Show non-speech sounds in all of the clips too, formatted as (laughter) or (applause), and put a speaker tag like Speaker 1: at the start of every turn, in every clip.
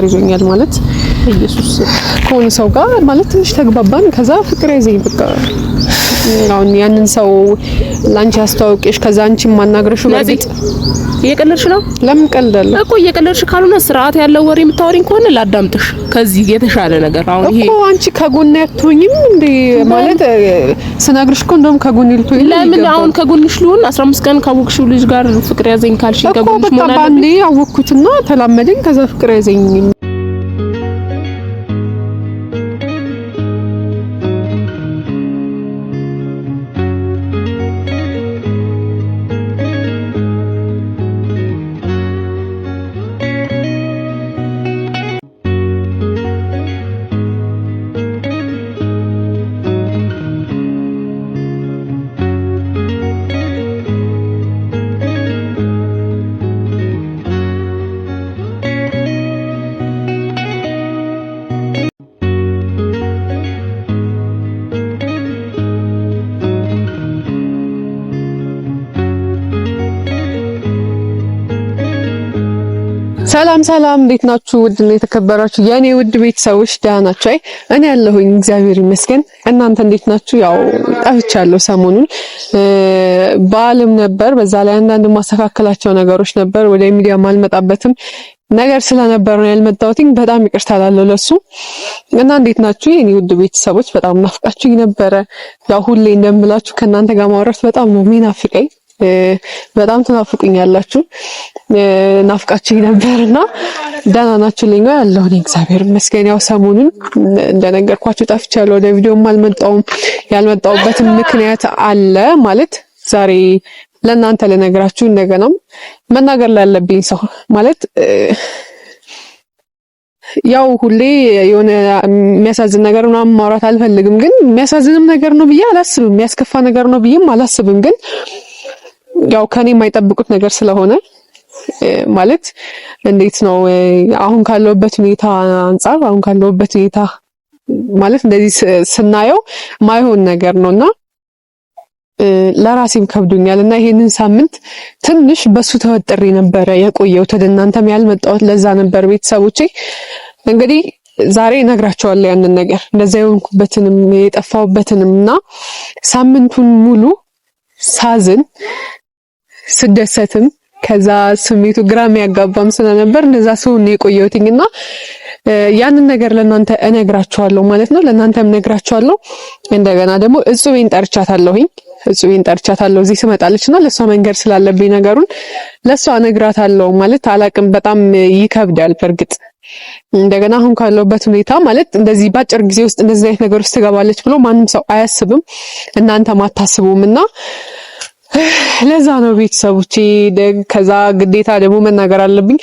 Speaker 1: ፍቅር ይዞኛል ማለት ኢየሱስ ከሆነ ሰው ጋር ማለት ትንሽ ተግባባን። ከዛ ፍቅር ያዘኝ በቃ አሁን ያንን ሰው ላንቺ አስተዋውቅሽ ከዛ አንቺ ማናገርሽ
Speaker 2: ማለት እየቀለድሽ ነው።
Speaker 1: ለምን ቀልዳለሁ
Speaker 2: እኮ እየቀለድሽ ካልሆነ ስርዓት ያለው ወሬ የምታወሪኝ ከሆነ ላዳምጥሽ።
Speaker 1: ከዚህ የተሻለ ነገር አሁን ይሄ እኮ አንቺ ከጎኔ አትሆኝም እንዴ? ማለት ስነግርሽ እኮ እንደውም ከጎኔ ልትሆኝ
Speaker 2: ለምን አሁን ከጎንሽ ልሁን? 15 ቀን ካወቅሽው ልጅ ጋር ፍቅር ያዘኝ ካልሽ
Speaker 1: ከጎንሽ መሆን አለብኝ እኮ በቃ ባንዴ አወቅኩትና ተላመደኝ። ከዛ ፍቅር ያዘኝ ሰላም ሰላም፣ እንዴት ናችሁ? ውድ ነው የተከበራችሁ የኔ ውድ ቤተሰቦች ደህና ናችሁ? አይ እኔ ያለሁኝ እግዚአብሔር ይመስገን። እናንተ እንዴት ናችሁ? ያው ጠፍቻለሁ። ሰሞኑን በዓልም ነበር፣ በዛ ላይ አንዳንድ ማስተካከላቸው ነገሮች ነበር። ወደ ሚዲያ አልመጣበትም ነገር ስለነበር ነው ያልመጣሁትኝ። በጣም ይቅርታ እላለሁ ለሱ እና እንዴት ናችሁ የኔ ውድ ቤተሰቦች? በጣም ናፍቃችሁኝ ነበረ። ያው ሁሌ እንደምላችሁ ከእናንተ ጋር ማውራት በጣም ነው የሚናፍቀኝ በጣም ትናፍቁኛላችሁ። ናፍቃችሁ ነበርና ደህና ናችሁ? ልኝ ያለው እኔ እግዚአብሔር ይመስገን። ያው ሰሞኑን እንደነገርኳችሁ ጠፍቻለሁ፣ ወደ ቪዲዮም አልመጣሁም። ያልመጣሁበትም ምክንያት አለ ማለት ዛሬ ለእናንተ ልነግራችሁ እንደገናም መናገር ላለብኝ ሰው ማለት ያው ሁሌ የሆነ የሚያሳዝን ነገር ምናምን ማውራት አልፈልግም፣ ግን የሚያሳዝንም ነገር ነው ብዬ አላስብም፣ የሚያስከፋ ነገር ነው ብዬም አላስብም ግን ያው ከኔ የማይጠብቁት ነገር ስለሆነ ማለት እንዴት ነው አሁን ካለውበት ሁኔታ አንጻር አሁን ካለውበት ሁኔታ ማለት እንደዚህ ስናየው ማይሆን ነገር ነውና ለራሴም ከብዶኛል እና ይሄንን ሳምንት ትንሽ በሱ ተወጥሪ ነበረ የቆየው ወደ እናንተም ያልመጣሁት ለዛ ነበር። ቤተሰቦቼ እንግዲህ ዛሬ እነግራቸዋለሁ ያንን ነገር እንደዛ የሆንኩበትንም የጠፋሁበትንም እና ሳምንቱን ሙሉ ሳዝን ስደሰትም ከዛ ስሜቱ ግራ የሚያጋባም ስለነበር እንደዛ ስሆን የቆየሁትኝ እና ያንን ነገር ለእናንተ እነግራችኋለሁ ማለት ነው። ለእናንተም እነግራችኋለሁ። እንደገና ደግሞ እጹቤን ጠርቻታለሁኝ። እጹቤን ጠርቻታለሁ እዚህ ትመጣለች እና ለእሷ መንገድ ስላለብኝ ነገሩን ለእሷ እነግራታለሁ ማለት አላቅም። በጣም ይከብዳል በእርግጥ እንደገና አሁን ካለውበት ሁኔታ ማለት እንደዚህ በአጭር ጊዜ ውስጥ እንደዚህ አይነት ነገር ውስጥ ትገባለች ብሎ ማንም ሰው አያስብም። እናንተም አታስቡም እና ለዛ ነው ቤተሰቦቼ። ከዛ ግዴታ ደግሞ መናገር አለብኝ።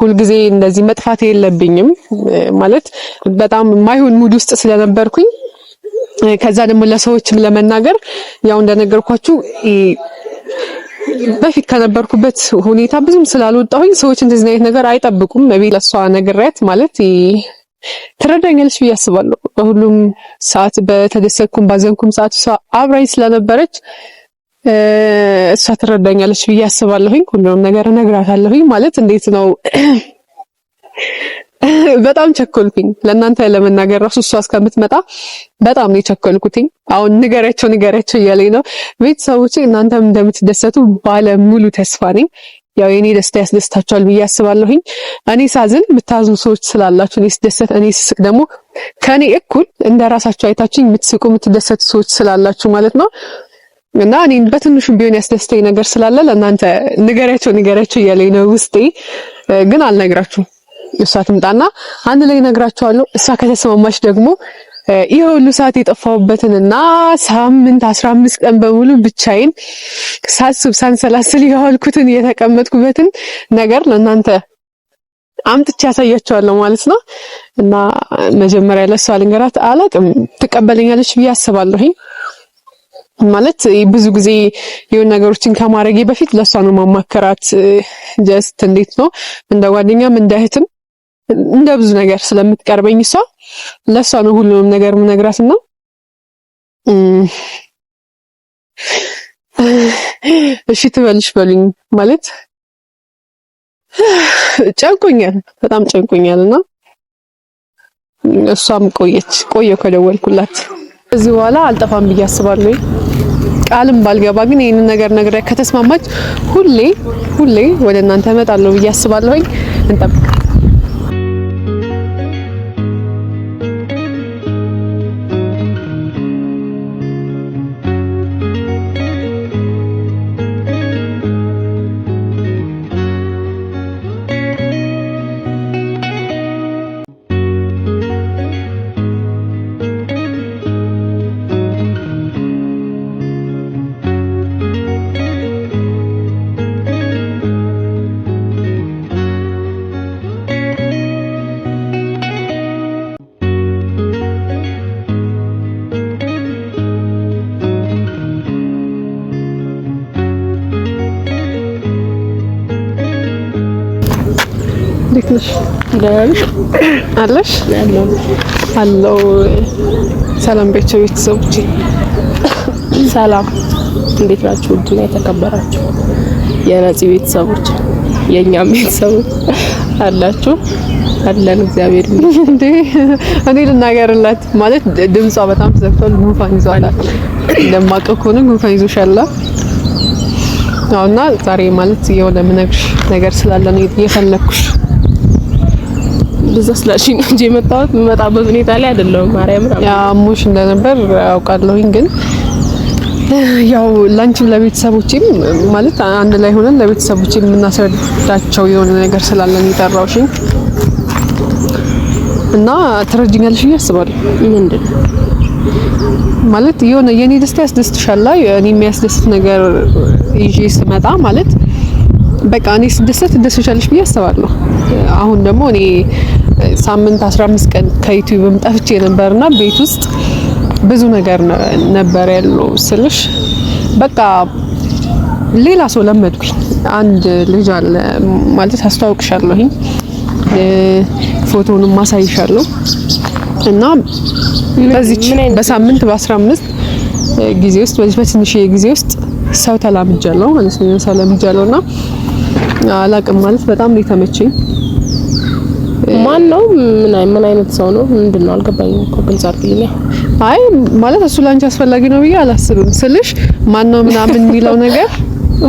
Speaker 1: ሁልጊዜ እንደዚህ መጥፋት የለብኝም ማለት በጣም የማይሆን ሙድ ውስጥ ስለነበርኩኝ ከዛ ደግሞ ለሰዎችም ለመናገር ያው እንደነገርኳችሁ በፊት ከነበርኩበት ሁኔታ ብዙም ስላልወጣሁኝ ሰዎች እንደዚህ አይነት ነገር አይጠብቁም። እቤት ለሷ ነግሬያት ማለት ትረዳኛለች ብዬ አስባለሁ። በሁሉም ሰዓት በተደሰኩም ባዘንኩም ሰዓት እሷ አብራኝ ስለነበረች እሷ ትረዳኛለች ብዬ አስባለሁኝ። ሁሉንም ነገር እነግራታለሁኝ። ማለት እንዴት ነው (clears throat) በጣም ቸኮልኩኝ ለእናንተ ለመናገር ራሱ እሷ እስከምትመጣ በጣም ነው የቸኮልኩትኝ። አሁን ንገሪያቸው ንገሪያቸው እያለኝ ነው። ቤተሰቦች እናንተም እንደምትደሰቱ ባለ ሙሉ ተስፋ ነኝ። ያው የኔ ደስታ ያስደስታችኋል ብዬ አስባለሁኝ። እኔ ሳዝን የምታዝኑ ሰዎች ስላላችሁ፣ እኔ ስደሰት፣ እኔ ስስቅ ደግሞ ከእኔ እኩል እንደ ራሳችሁ አይታችሁኝ የምትስቁ የምትደሰቱ ሰዎች ስላላችሁ ማለት ነው እና እኔ በትንሹም ቢሆን ያስደስተኝ ነገር ስላለ ለእናንተ ንገሪያቸው ንገሪያቸው እያለኝ ነው ውስጤ፣ ግን አልነግራችሁ እሷ ትምጣና አንድ ላይ እነግራችኋለሁ። እሷ ከተስማማች ደግሞ ይህ ሁሉ ሰዓት የጠፋሁበትንና ሳምንት አስራ አምስት ቀን በሙሉ ብቻዬን ሳስብ ሳንሰላስል የዋልኩትን የተቀመጥኩበትን ነገር ለእናንተ አምጥቼ ያሳያቸዋለሁ ማለት ነው። እና መጀመሪያ ለሷ ልንገራት፣ አላቅም ትቀበለኛለች ብዬ አስባለሁኝ። ማለት ብዙ ጊዜ የሆን ነገሮችን ከማድረጌ በፊት ለእሷ ነው ማማከራት። ጀስት እንዴት ነው እንደ ጓደኛም እንደ እህትም እንደ ብዙ ነገር ስለምትቀርበኝ እሷ ለእሷ ነው ሁሉንም ነገር ምነግራት ነው። እሺ ትበልሽ በሉኝ ማለት ጨንቆኛል፣ በጣም ጨንቆኛል እና እሷም ቆየች ቆየው ከደወልኩላት። እዚህ በኋላ አልጠፋም ብዬ አስባለሁ። ቃልም ባልገባ ግን ይህንን ነገር ነግሬ ከተስማማች ሁሌ ሁሌ ወደ እናንተ እመጣለሁ ብዬ አስባለሁኝ። እንጠብቅ። እንዴት ነሽ? አለሽ አለው። ሰላም ቤተሰብ ቤተሰቦች
Speaker 2: ሰላም እንዴት ናችሁ? ውድና የተከበራችሁ የነፂ ቤተሰቦች የእኛም ቤተሰቦች አላችሁ አለን። እግዚአብሔር እንዴ
Speaker 1: እኔ ልናገርላት ማለት ድምጿ በጣም ተዘግቷል። ጉንፋን ይዟላት እንደማውቀው ከሆነ ጉንፋን ይዞሻል አሁና ዛሬ ማለት የሆነ ምነግርሽ ነገር ስላለ ነው የፈለግኩሽ እንደዛ ስላልሽኝ ነው እንጂ የመጣሁት የምመጣበት ሁኔታ ላይ አይደለሁም። ማርያምን አሞሽ እንደነበር አውቃለሁኝ ግን ያው ላንቺም ለቤተሰቦችም ማለት አንድ ላይ ሆነን ለቤተሰቦች የምናስረዳቸው የሆነ ነገር ስላለን የጠራውሽኝ እና ትረጅኛለሽ ብዬ አስባለሁ። ምንድን ማለት የሆነ የኔ ደስታ ያስደስትሻል። እኔ የሚያስደስት ነገር ይዤ ስመጣ ማለት በቃ እኔ ስደሰት ትደሰሻለሽ ብዬ አስባለሁ። አሁን ደግሞ እኔ ሳምንት 15 ቀን ከዩቲዩብም ጠፍቼ ነበርና ቤት ውስጥ ብዙ ነገር ነበር ያለው ስልሽ በቃ ሌላ ሰው ለመድኩኝ። አንድ ልጅ አለ ማለት አስተዋውቅሻለሁኝ፣ ፎቶውንም ማሳይሻለሁ እና በዚች በሳምንት በ15 ጊዜ ውስጥ በዚህ በትንሽ ጊዜ ውስጥ ሰው ተላምጃለሁ ማለት ነው። ሰው ለምጃለሁና አላቅም ማለት በጣም ነው የተመቸኝ።
Speaker 2: ማን ነው? ምን አይነት ሰው ነው? ምንድን ነው? አልገባኝም እኮ ግልጽ አድርግልኝ።
Speaker 1: አይ ማለት እሱ ላንቺ አስፈላጊ ነው ብዬ አላስብም ስልሽ ማን ነው ምናምን የሚለው ነገር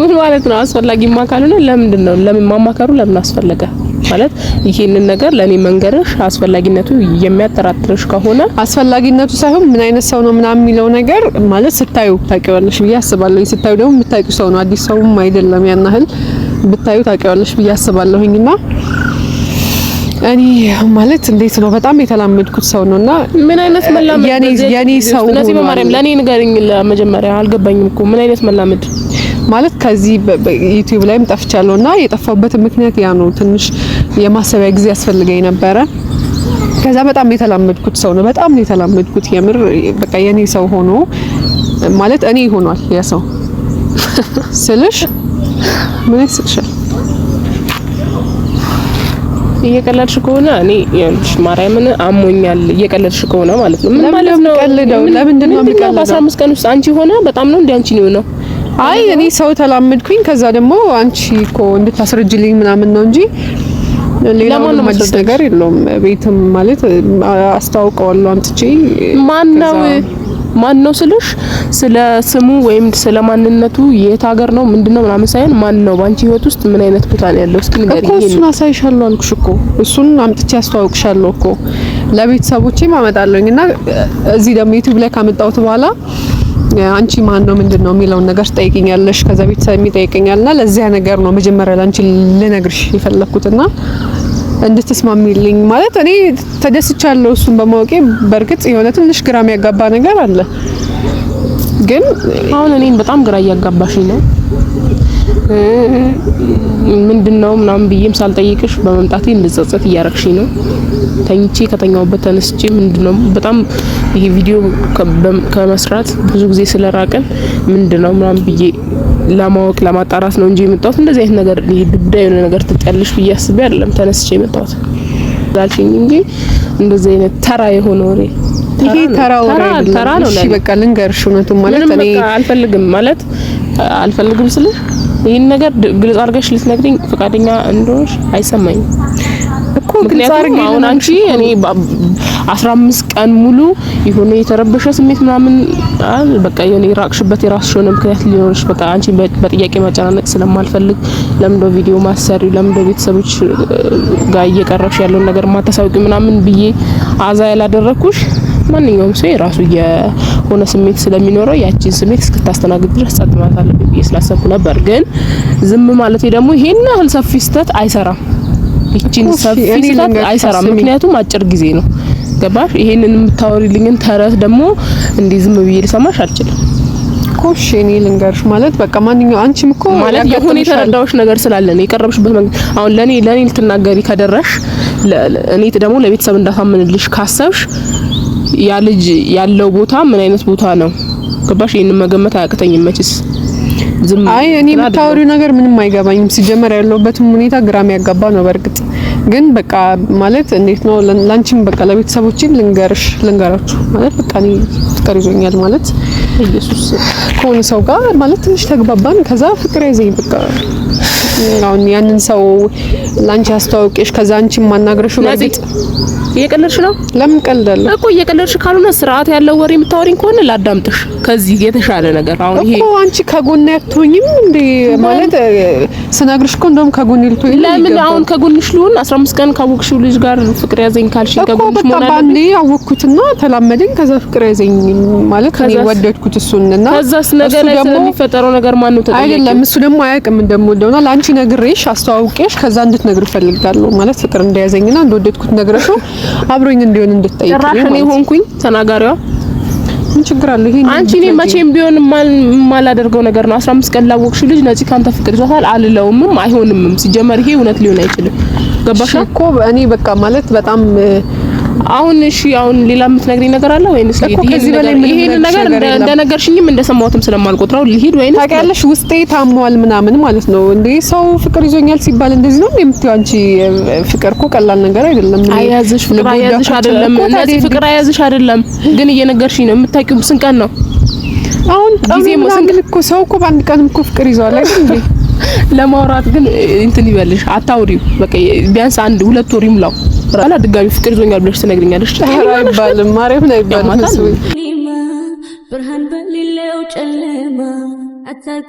Speaker 2: ምን ማለት ነው? አስፈላጊ ካልሆነ ለምንድን ነው ለምን ማማከሩ ለምን አስፈለገ? ማለት ይሄንን ነገር ለኔ መንገርሽ አስፈላጊነቱ የሚያጠራጥርሽ ከሆነ
Speaker 1: አስፈላጊነቱ ሳይሆን ምን አይነት ሰው ነው ምናምን የሚለው ነገር ማለት ስታዩ ታውቂዋለሽ ብዬ አስባለሁ። ስታዩ ደግሞ የምታውቂው ሰው ነው፣ አዲስ ሰውም አይደለም። ያን ብታዩ ታውቂዋለሽ ብዬ አስባለሁኝና እኔ ማለት እንዴት ነው በጣም የተላመድኩት ሰው ነውና፣
Speaker 2: ምን አይነት መላመድ
Speaker 1: የኔ ሰው ስለዚህ
Speaker 2: ማርያም ለኔ ንገረኝ። ለመጀመሪያ አልገባኝም እኮ ምን አይነት መላመድ
Speaker 1: ማለት ከዚህ ዩቲዩብ ላይም ጠፍቻለሁና የጠፋሁበትን ምክንያት ያ ነው። ትንሽ የማሰቢያ ጊዜ ያስፈልገኝ ነበረ። ከዛ በጣም የተላመድኩት ሰው ነው። በጣም ነው የተላመድኩት። የምር በቃ የኔ ሰው ሆኖ ማለት እኔ ሆኗል ያ ሰው (laughs) ስልሽ ምን ይስልሻል?
Speaker 2: እየቀለድሽ ከሆነ እኔ ይኸውልሽ ማርያምን አሞኛል። እየቀለድሽ ከሆነ ማለት
Speaker 1: ነው። ምን ማለት ነው? ቀልደው ለምንድን ነው የሚቀልደው?
Speaker 2: በአስራ አምስት ቀን ውስጥ አንቺ ሆነ በጣም ነው እንዴ? አንቺ ነው ነው
Speaker 1: አይ እኔ ሰው ተላመድኩኝ። ከዛ ደግሞ አንቺ እኮ እንድታስረጅልኝ ምናምን ነው እንጂ ለማንም አዲስ ነገር የለውም። ቤትም ማለት አስተዋውቀዋለሁ አምጥቼ
Speaker 2: ማን ነው ማን ነው ስልሽ ስለ ስሙ ወይም ስለ ማንነቱ የት ሀገር ነው ምንድነው ምናምን ሳይሆን ማን ነው ባንቺ ህይወት ውስጥ ምን አይነት ቦታ ነው ያለው እስኪ
Speaker 1: ንገሪኝ። እኮ እሱን አሳይሻለሁ አልኩሽ እኮ እሱን አምጥቼ አስተዋውቅሻለሁ እኮ ለቤተሰቦቼም አመጣለሁኝ እና እዚህ ደግሞ ዩቲዩብ ላይ ካመጣሁት በኋላ አንቺ ማን ነው ምንድን ነው የሚለውን ነገር ትጠይቅኛለሽ። ከዛ ቤተሰብ የሚጠይቅኛልና ለዚያ ነገር ነው መጀመሪያ ለአንቺ ልነግርሽ የፈለኩትና እንድትስማሚልኝ ማለት እኔ ተደስቻለሁ እሱን በማወቄ። በእርግጥ የሆነ ትንሽ ግራ የሚያጋባ ነገር አለ፣ ግን
Speaker 2: አሁን እኔን በጣም ግራ እያጋባሽኝ ነው። ምንድነው ምናምን ብዬም ሳልጠይቅሽ በመምጣቴ እንድጸጸት እያረግሽኝ ነው። ተኝቼ ከተኛውበት ተነስቼ ምንድነው በጣም ይሄ ቪዲዮ ከመስራት ብዙ ጊዜ ስለራቀን ምንድነው ነው ምናምን ብዬ ለማወቅ ለማጣራት ነው እንጂ የመጣሁት እንደዚህ አይነት ነገር ዱዳ የሆነ ነገር ትጠልሽ ብዬ አስቤ አይደለም ተነስቼ የመጣሁት ላልሽኝ እንጂ እንደዚህ አይነት ተራ የሆነ ወሬ
Speaker 1: ይሄ ተራ ወሬ ተራ ነው። እሺ በቃ ልንገርሽ፣ እውነቱን ማለት
Speaker 2: እኔ አልፈልግም ማለት አልፈልግም ስለ ይህን ነገር ግልጽ አድርገሽ ልትነግሪኝ ፈቃደኛ እንደሆንሽ አይሰማኝም እኮ ግልጽ አድርገሽ አሁን አንቺ እኔ 15 ቀን ሙሉ የሆነ የተረበሸ ስሜት ምናምን ይመጣል። በቃ የኔ የራቅሽበት የራስሽ ምክንያት ሊኖርሽ፣ በቃ አንቺ በጥያቄ መጨናነቅ ስለማልፈልግ ለምዶ ቪዲዮ ማሰሪው፣ ለምዶ ቤተሰቦች ጋር እየቀረብሽ ያለውን ነገር ማታሳውቂ ምናምን ብዬ አዛ ያላደረኩሽ ማንኛውም ሰው የራሱ የሆነ ስሜት ስለሚኖረው ያቺን ስሜት እስክታስተናግድ ድረስ ጸጥ ማለት አለብኝ ብዬ ስላሰብኩ ነበር። ግን ዝም ማለት ደግሞ ይሄን ያህል ሰፊ ስህተት አይሰራም። ይቺን ሰፊ ስህተት አይሰራም፣ ምክንያቱም አጭር ጊዜ ነው። ገባሽ? ይሄንን የምታወሪልኝን ተረት ደግሞ እንዲህ ዝም ብዬ ልሰማሽ አልችልም።
Speaker 1: ኮሽ እኔ ልንገርሽ ማለት በቃ ማንኛው አንቺም እኮ
Speaker 2: ማለት የሆነ የተረዳሁሽ ነገር ስላለ ነው የቀረብሽበት መንገድ። አሁን ለኔ ለኔ ልትናገሪ ከደረሽ እኔ ደግሞ ለቤተሰብ እንዳሳምንልሽ ካሰብሽ ያ ልጅ ያለው ቦታ ምን አይነት ቦታ ነው ገባሽ? ይሄንን መገመት አያቅተኝም መችስ
Speaker 1: ዝም አይ እኔ የምታወሪው ነገር ምንም አይገባኝም። ሲጀመር ያለውበትም ሁኔታ ግራም ያጋባ ነው በእርግጥ ግን በቃ ማለት እንዴት ነው ላንቺም በቃ ለቤተሰቦችን ልንገርሽ ልንገራችሁ ማለት በቃ እኔ ፍቅር ይዞኛል ማለት ኢየሱስ ከሆነ ሰው ጋር ማለት ትንሽ ተግባባን። ከዛ ፍቅር ያዘኝ በቃ አሁን ያንን ሰው ላንቺ አስተዋውቂሽ ከዛ አንቺ ማናገርሽ
Speaker 2: ነው። እየቀለድሽ ነው።
Speaker 1: ለምን ቀልዳለሁ
Speaker 2: እኮ እየቀለድሽ ካልሆነ ስርዓት ያለው ወሬ የምታወሪኝ ከሆነ ላዳምጥሽ።
Speaker 1: ከዚህ የተሻለ ነገር አሁን ይሄ እኮ አንቺ ከጎን ያትሆኝም እንዴ? ማለት ስነግርሽ እኮ እንደውም ከጎን ልትሆኝ
Speaker 2: ለምን አሁን ከጎንሽ ልሁን? 15 ቀን ካወቅሽው ልጅ ጋር ፍቅር ያዘኝ ካልሽ
Speaker 1: ከጎንሽ ሆነ መሆን አለብኝ። ባንዴ አወቅኩትና ተላመደኝ። ከዛ ፍቅር ያዘኝ ማለት ከኔ ወደድኩት እሱንና
Speaker 2: ከዛስ ነገር ላይ ስለሚፈጠረው ነገር ማን ነው
Speaker 1: ተጠያቂ? አይደለም እሱ ደግሞ አያውቅም እንደምወደውና ላንቺ ነግሬሽ አስተዋውቄሽ ከዛ እንድት ልትነግር እፈልጋለሁ። ማለት ፍቅር እንደያዘኝና እንደወደድኩት ነግረሽው አብሮኝ እንዲሆን እንድትጠይቅ
Speaker 2: ነው ሆንኩኝ ተናጋሪዋ።
Speaker 1: ምን ችግር አለ? ይሄ አንቺ እኔ መቼም ቢሆን የማላደርገው ነገር ነው። 15 ቀን ላወቅሽ ልጅ ነፂ ካንተ ፍቅር ይዟታል አልለውም። አይሆንም።
Speaker 2: ሲጀመር ይሄ እውነት ሊሆን አይችልም።
Speaker 1: ገባሽ እኮ እኔ በቃ ማለት በጣም
Speaker 2: አሁን እሺ፣ አሁን ሌላ የምትነግሪኝ ነገር አለ ወይንስ ይሄን ነገር እንደነገርሽኝም እንደሰማሁትም ስለማልቆጥረው ልሂድ ወይንስ?
Speaker 1: ታውቂያለሽ ውስጤ ታሟል ምናምን ማለት ነው እንዴ። ሰው ፍቅር ይዞኛል ሲባል እንደዚህ ነው የምትይው አንቺ? ፍቅር እኮ ቀላል ነገር
Speaker 2: አይደለም። አያዝሽ ፍቅር አያዝሽ አይደለም፣ እነዚህ ፍቅር አያዝሽ አይደለም። ግን እየነገርሽኝ ነው። የምታውቂው ስንት ቀን ነው
Speaker 1: አሁን? ጊዜ ስንት እኮ ሰው እኮ በአንድ ቀንም እኮ ፍቅር ይዘዋል አይደል እንዴ?
Speaker 2: (laughs) ለማውራት ግን እንትን ይበልሽ፣ አታውሪው። በቃ ቢያንስ አንድ ሁለት ወር ይሙላው። አላ ድጋሚ ፍቅር ይዞኛል ብለሽ ትነግሪኛለሽ?
Speaker 1: አይባልም፣ ማርያምን አይባልም። ብርሃን በሌለው ጨለማ አታክ